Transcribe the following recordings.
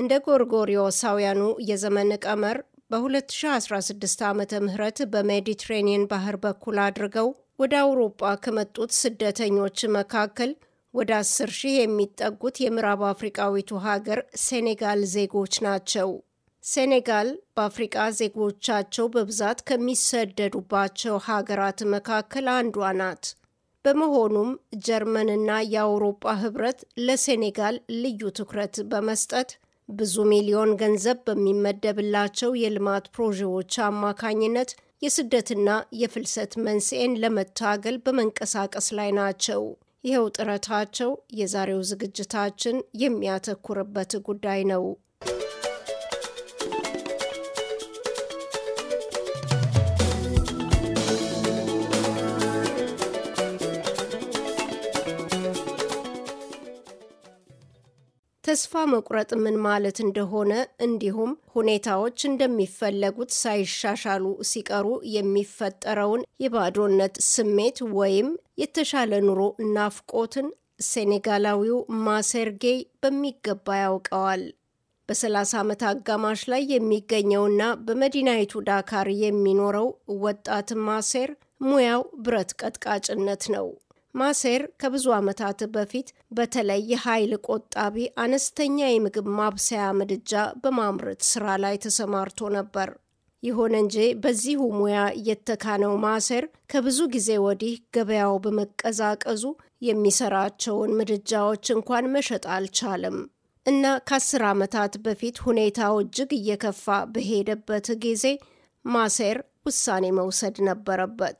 እንደ ጎርጎሪዮሳውያኑ የዘመን ቀመር በ2016 ዓ ምህረት በሜዲትሬኒየን ባህር በኩል አድርገው ወደ አውሮጳ ከመጡት ስደተኞች መካከል ወደ 10 ሺህ የሚጠጉት የምዕራብ አፍሪቃዊቱ ሀገር ሴኔጋል ዜጎች ናቸው። ሴኔጋል በአፍሪቃ ዜጎቻቸው በብዛት ከሚሰደዱባቸው ሀገራት መካከል አንዷ ናት። በመሆኑም ጀርመንና የአውሮጳ ህብረት ለሴኔጋል ልዩ ትኩረት በመስጠት ብዙ ሚሊዮን ገንዘብ በሚመደብላቸው የልማት ፕሮጀዎች አማካኝነት የስደትና የፍልሰት መንስኤን ለመታገል በመንቀሳቀስ ላይ ናቸው። ይኸው ጥረታቸው የዛሬው ዝግጅታችን የሚያተኩርበት ጉዳይ ነው። ተስፋ መቁረጥ ምን ማለት እንደሆነ እንዲሁም ሁኔታዎች እንደሚፈለጉት ሳይሻሻሉ ሲቀሩ የሚፈጠረውን የባዶነት ስሜት ወይም የተሻለ ኑሮ ናፍቆትን ሴኔጋላዊው ማሰርጌይ በሚገባ ያውቀዋል። በ30 ዓመት አጋማሽ ላይ የሚገኘውና በመዲናይቱ ዳካር የሚኖረው ወጣት ማሴር ሙያው ብረት ቀጥቃጭነት ነው። ማሴር ከብዙ ዓመታት በፊት በተለይ ኃይል ቆጣቢ አነስተኛ የምግብ ማብሰያ ምድጃ በማምረት ስራ ላይ ተሰማርቶ ነበር። ይሁን እንጂ በዚሁ ሙያ የተካነው ማሴር ከብዙ ጊዜ ወዲህ ገበያው በመቀዛቀዙ የሚሰራቸውን ምድጃዎች እንኳን መሸጥ አልቻለም እና ከአስር ዓመታት በፊት ሁኔታው እጅግ እየከፋ በሄደበት ጊዜ ማሴር ውሳኔ መውሰድ ነበረበት።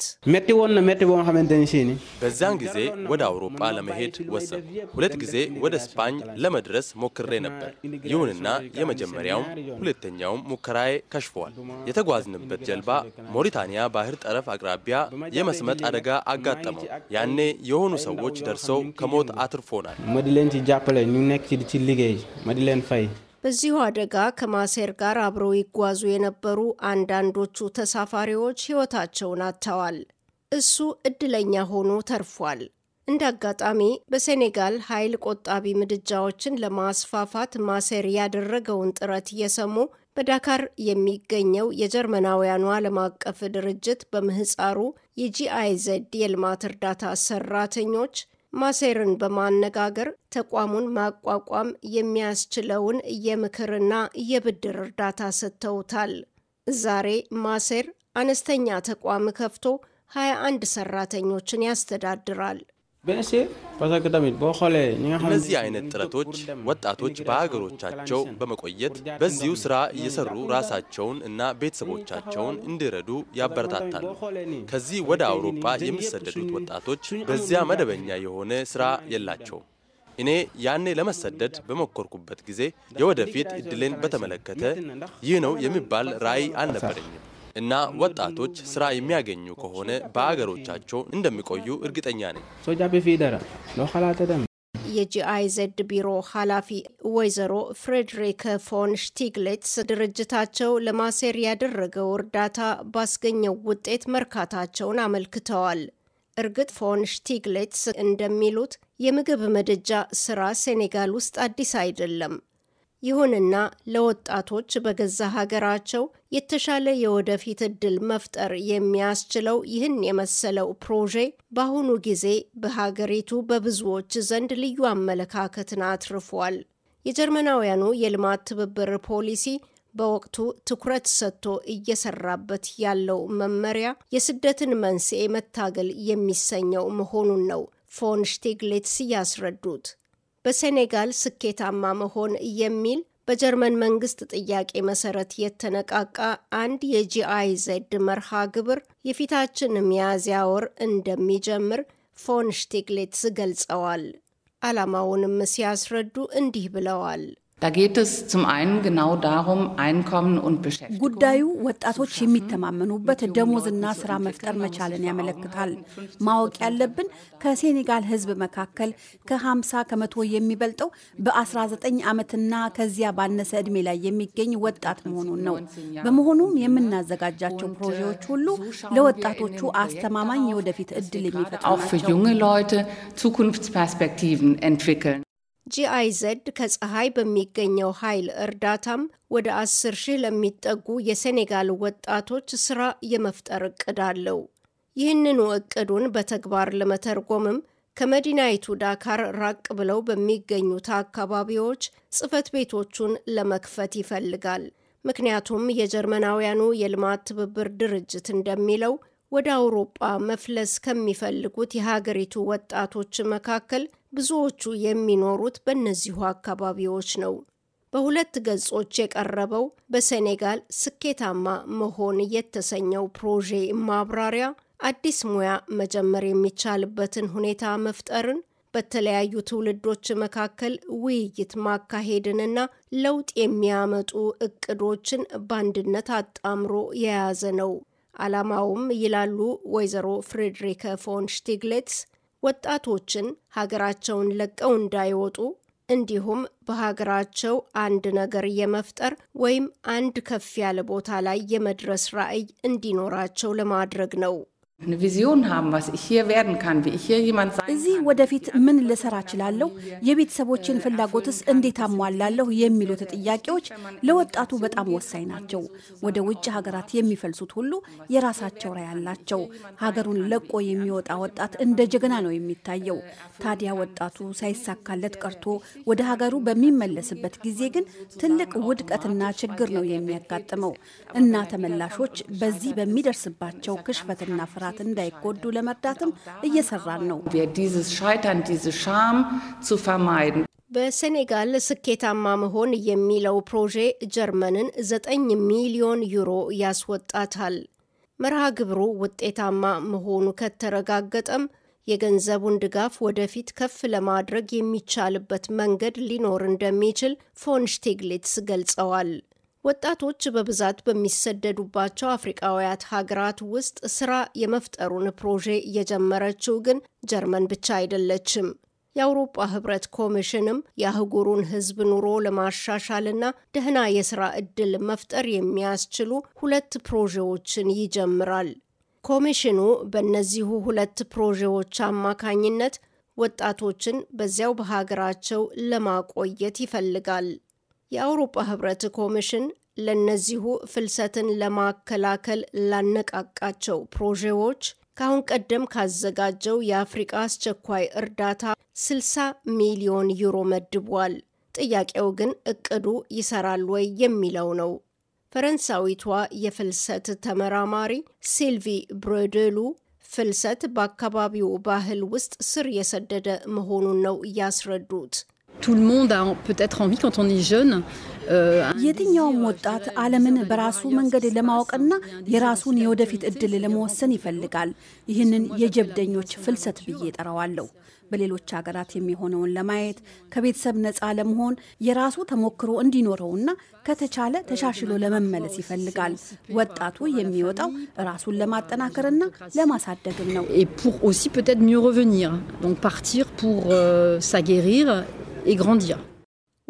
በዚያን ጊዜ ወደ አውሮጳ ለመሄድ ወሰንኩ። ሁለት ጊዜ ወደ ስፓኝ ለመድረስ ሞክሬ ነበር። ይሁንና የመጀመሪያውም ሁለተኛውም ሙከራዬ ከሽፏል። የተጓዝንበት ጀልባ ሞሪታንያ ባህር ጠረፍ አቅራቢያ የመስመጥ አደጋ አጋጠመው። ያኔ የሆኑ ሰዎች ደርሰው ከሞት አትርፎናል። በዚሁ አደጋ ከማሴር ጋር አብረው ይጓዙ የነበሩ አንዳንዶቹ ተሳፋሪዎች ሕይወታቸውን አጥተዋል። እሱ እድለኛ ሆኖ ተርፏል። እንደ አጋጣሚ በሴኔጋል ኃይል ቆጣቢ ምድጃዎችን ለማስፋፋት ማሴር ያደረገውን ጥረት እየሰሙ በዳካር የሚገኘው የጀርመናውያኑ ዓለም አቀፍ ድርጅት በምህፃሩ የጂአይዘድ የልማት እርዳታ ሰራተኞች ማሴርን በማነጋገር ተቋሙን ማቋቋም የሚያስችለውን የምክርና የብድር እርዳታ ሰጥተውታል። ዛሬ ማሴር አነስተኛ ተቋም ከፍቶ 21 ሰራተኞችን ያስተዳድራል። እነዚህ አይነት ጥረቶች ወጣቶች በሀገሮቻቸው በመቆየት በዚሁ ስራ እየሰሩ ራሳቸውን እና ቤተሰቦቻቸውን እንዲረዱ ያበረታታሉ። ከዚህ ወደ አውሮፓ የሚሰደዱት ወጣቶች በዚያ መደበኛ የሆነ ስራ የላቸውም። እኔ ያኔ ለመሰደድ በሞከርኩበት ጊዜ የወደፊት እድልን በተመለከተ ይህ ነው የሚባል ራዕይ አልነበረኝም። እና ወጣቶች ስራ የሚያገኙ ከሆነ በአገሮቻቸው እንደሚቆዩ እርግጠኛ ነኝ። የጂአይዘድ ቢሮ ኃላፊ ወይዘሮ ፍሬድሪክ ፎን ሽቲግሌትስ ድርጅታቸው ለማሴር ያደረገው እርዳታ ባስገኘው ውጤት መርካታቸውን አመልክተዋል። እርግጥ ፎን ሽቲግሌትስ እንደሚሉት የምግብ መደጃ ስራ ሴኔጋል ውስጥ አዲስ አይደለም። ይሁንና ለወጣቶች በገዛ ሀገራቸው የተሻለ የወደፊት እድል መፍጠር የሚያስችለው ይህን የመሰለው ፕሮጄ በአሁኑ ጊዜ በሀገሪቱ በብዙዎች ዘንድ ልዩ አመለካከትን አትርፏል። የጀርመናውያኑ የልማት ትብብር ፖሊሲ በወቅቱ ትኩረት ሰጥቶ እየሰራበት ያለው መመሪያ የስደትን መንስኤ መታገል የሚሰኘው መሆኑን ነው ፎን ሽቲግሌትስ ያስረዱት። በሴኔጋል ስኬታማ መሆን የሚል በጀርመን መንግስት ጥያቄ መሰረት የተነቃቃ አንድ የጂአይ መርሃ ግብር የፊታችን ሚያዝያ ወር እንደሚጀምር ፎን ሽቲግሌትስ ገልጸዋል። ዓላማውንም ሲያስረዱ እንዲህ ብለዋል። ጉዳዩ ወጣቶች የሚተማመኑበት ደሞዝና ስራ መፍጠር መቻልን ያመለክታል። ማወቅ ያለብን ከሴኔጋል ሕዝብ መካከል ከ50 ከመቶ የሚበልጠው በ19 ዓመትና ከዚያ ባነሰ ዕድሜ ላይ የሚገኝ ወጣት መሆኑን ነው። በመሆኑም የምናዘጋጃቸው ፕሮጀክቶች ሁሉ ለወጣቶቹ አስተማማኝ የወደፊት እድል የሚፈጥሩ ናቸው። ጂአይዘድ ከፀሐይ በሚገኘው ኃይል እርዳታም ወደ አስር ሺህ ለሚጠጉ የሴኔጋል ወጣቶች ስራ የመፍጠር እቅድ አለው። ይህንኑ እቅዱን በተግባር ለመተርጎምም ከመዲናይቱ ዳካር ራቅ ብለው በሚገኙት አካባቢዎች ጽህፈት ቤቶቹን ለመክፈት ይፈልጋል። ምክንያቱም የጀርመናውያኑ የልማት ትብብር ድርጅት እንደሚለው ወደ አውሮጳ መፍለስ ከሚፈልጉት የሀገሪቱ ወጣቶች መካከል ብዙዎቹ የሚኖሩት በእነዚሁ አካባቢዎች ነው። በሁለት ገጾች የቀረበው በሴኔጋል ስኬታማ መሆን የተሰኘው ፕሮጄ ማብራሪያ አዲስ ሙያ መጀመር የሚቻልበትን ሁኔታ መፍጠርን፣ በተለያዩ ትውልዶች መካከል ውይይት ማካሄድንና ለውጥ የሚያመጡ እቅዶችን በአንድነት አጣምሮ የያዘ ነው። ዓላማውም ይላሉ ወይዘሮ ፍሬድሪከ ፎን ሽቲግሌትስ ወጣቶችን ሀገራቸውን ለቀው እንዳይወጡ እንዲሁም በሀገራቸው አንድ ነገር የመፍጠር ወይም አንድ ከፍ ያለ ቦታ ላይ የመድረስ ራዕይ እንዲኖራቸው ለማድረግ ነው። እዚህ ወደፊት ምን ልሰራ እችላለሁ? የቤተሰቦችን ፍላጎትስ እንዴት አሟላለሁ? የሚሉት ጥያቄዎች ለወጣቱ በጣም ወሳኝ ናቸው። ወደ ውጭ ሀገራት የሚፈልሱት ሁሉ የራሳቸው ራዕይ አላቸው። ሀገሩን ለቆ የሚወጣ ወጣት እንደ ጀግና ነው የሚታየው። ታዲያ ወጣቱ ሳይሳካለት ቀርቶ ወደ ሀገሩ በሚመለስበት ጊዜ ግን ትልቅ ውድቀትና ችግር ነው የሚያጋጥመው እና ተመላሾች በዚህ በሚደርስባቸው ክሽፈትና ፍራ ሕፃናት እንዳይጎዱ ለመርዳትም እየሰራን ነው። በሴኔጋል ስኬታማ መሆን የሚለው ፕሮጄ ጀርመንን 9 ሚሊዮን ዩሮ ያስወጣታል። መርሃ ግብሩ ውጤታማ መሆኑ ከተረጋገጠም የገንዘቡን ድጋፍ ወደፊት ከፍ ለማድረግ የሚቻልበት መንገድ ሊኖር እንደሚችል ፎን ገልጸዋል። ወጣቶች በብዛት በሚሰደዱባቸው አፍሪቃውያት ሀገራት ውስጥ ስራ የመፍጠሩን ፕሮጄ እየጀመረችው ግን ጀርመን ብቻ አይደለችም። የአውሮፓ ህብረት ኮሚሽንም የአህጉሩን ህዝብ ኑሮ ለማሻሻልና ደህና የስራ እድል መፍጠር የሚያስችሉ ሁለት ፕሮጄዎችን ይጀምራል። ኮሚሽኑ በእነዚሁ ሁለት ፕሮጄዎች አማካኝነት ወጣቶችን በዚያው በሀገራቸው ለማቆየት ይፈልጋል። የአውሮፓ ህብረት ኮሚሽን ለእነዚሁ ፍልሰትን ለማከላከል ላነቃቃቸው ፕሮጀዎች ከአሁን ቀደም ካዘጋጀው የአፍሪቃ አስቸኳይ እርዳታ 60 ሚሊዮን ዩሮ መድቧል። ጥያቄው ግን እቅዱ ይሰራል ወይ የሚለው ነው። ፈረንሳዊቷ የፍልሰት ተመራማሪ ሲልቪ ብሮደሉ ፍልሰት በአካባቢው ባህል ውስጥ ስር የሰደደ መሆኑን ነው ያስረዱት። tout le monde a peut-être envie quand on est jeune euh, የትኛውም ወጣት euh, ዓለምን በራሱ መንገድ ለማወቅና የራሱን የወደፊት እድል ለመወሰን ይፈልጋል። ይህንን የጀብደኞች ፍልሰት ብዬ ጠራዋለሁ። በሌሎች ሀገራት የሚሆነውን ለማየት ከቤተሰብ ነፃ ለመሆን የራሱ ተሞክሮ እንዲኖረውና ከተቻለ euh, ተሻሽሎ ለመመለስ ይፈልጋል። ወጣቱ የሚወጣው ራሱን ለማጠናከርና ለማሳደግም ነው። grandir.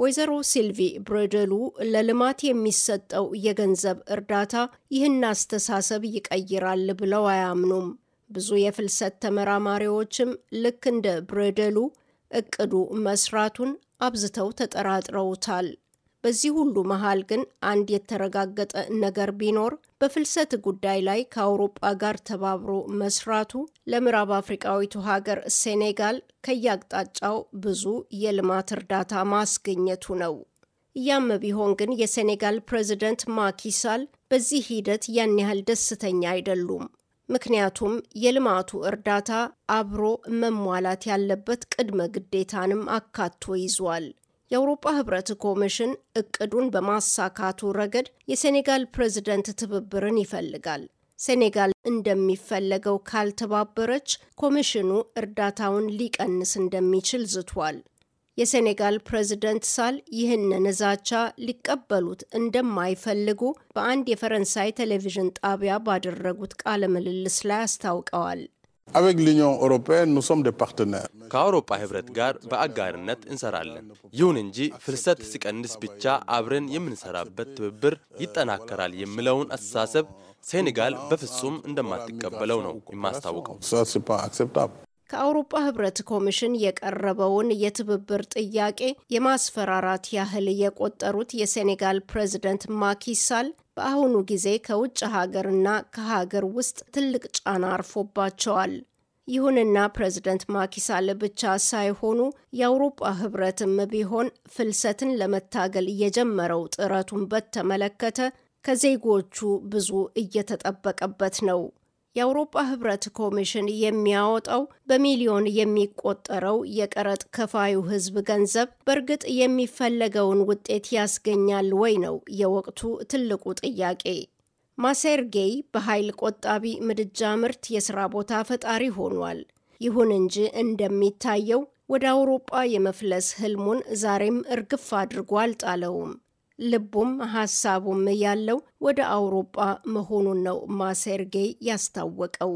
ወይዘሮ ሲልቪ ብሬደሉ ለልማት የሚሰጠው የገንዘብ እርዳታ ይህን አስተሳሰብ ይቀይራል ብለው አያምኑም። ብዙ የፍልሰት ተመራማሪዎችም ልክ እንደ ብሬደሉ እቅዱ መስራቱን አብዝተው ተጠራጥረውታል። በዚህ ሁሉ መሃል ግን አንድ የተረጋገጠ ነገር ቢኖር በፍልሰት ጉዳይ ላይ ከአውሮጳ ጋር ተባብሮ መስራቱ ለምዕራብ አፍሪቃዊቱ ሀገር ሴኔጋል ከያቅጣጫው ብዙ የልማት እርዳታ ማስገኘቱ ነው። እያመ ቢሆን ግን የሴኔጋል ፕሬዚደንት ማኪሳል በዚህ ሂደት ያን ያህል ደስተኛ አይደሉም። ምክንያቱም የልማቱ እርዳታ አብሮ መሟላት ያለበት ቅድመ ግዴታንም አካቶ ይዟል። የአውሮፓ ህብረት ኮሚሽን እቅዱን በማሳካቱ ረገድ የሴኔጋል ፕሬዝደንት ትብብርን ይፈልጋል። ሴኔጋል እንደሚፈለገው ካልተባበረች ኮሚሽኑ እርዳታውን ሊቀንስ እንደሚችል ዝቷል። የሴኔጋል ፕሬዝደንት ሳል ይህንን ዛቻ ሊቀበሉት እንደማይፈልጉ በአንድ የፈረንሳይ ቴሌቪዥን ጣቢያ ባደረጉት ቃለ ምልልስ ላይ አስታውቀዋል። ከአውሮፓ ህብረት ጋር በአጋርነት እንሰራለን። ይሁን እንጂ ፍልሰት ሲቀንስ ብቻ አብረን የምንሰራበት ትብብር ይጠናከራል የሚለውን አስተሳሰብ ሴኔጋል በፍጹም እንደማትቀበለው ነው የማስታውቀው። ከአውሮፓ ህብረት ኮሚሽን የቀረበውን የትብብር ጥያቄ የማስፈራራት ያህል የቆጠሩት የሴኔጋል ፕሬዝደንት ማኪሳል በአሁኑ ጊዜ ከውጭ ሀገርና ከሀገር ውስጥ ትልቅ ጫና አርፎባቸዋል። ይሁንና ፕሬዝደንት ማኪሳል ብቻ ሳይሆኑ የአውሮጳ ህብረትም ቢሆን ፍልሰትን ለመታገል የጀመረው ጥረቱን በተመለከተ ከዜጎቹ ብዙ እየተጠበቀበት ነው። የአውሮፓ ህብረት ኮሚሽን የሚያወጣው በሚሊዮን የሚቆጠረው የቀረጥ ከፋዩ ህዝብ ገንዘብ በእርግጥ የሚፈለገውን ውጤት ያስገኛል ወይ ነው የወቅቱ ትልቁ ጥያቄ። ማሴርጌይ በኃይል ቆጣቢ ምድጃ ምርት የሥራ ቦታ ፈጣሪ ሆኗል። ይሁን እንጂ እንደሚታየው ወደ አውሮጳ የመፍለስ ህልሙን ዛሬም እርግፍ አድርጎ አልጣለውም። ልቡም ሀሳቡም ያለው ወደ አውሮፓ መሆኑን ነው ማሴርጌይ ያስታወቀው።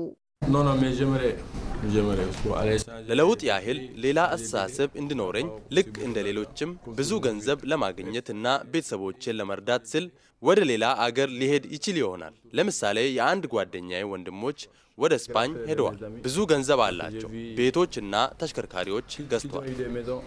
ለለውጥ ያህል ሌላ አስተሳሰብ እንዲኖረኝ ልክ እንደ ሌሎችም ብዙ ገንዘብ ለማግኘት እና ቤተሰቦችን ለመርዳት ስል ወደ ሌላ አገር ሊሄድ ይችል ይሆናል። ለምሳሌ የአንድ ጓደኛዬ ወንድሞች ወደ ስፓኝ ሄደዋል። ብዙ ገንዘብ አላቸው። ቤቶችና ተሽከርካሪዎች ገዝቷል።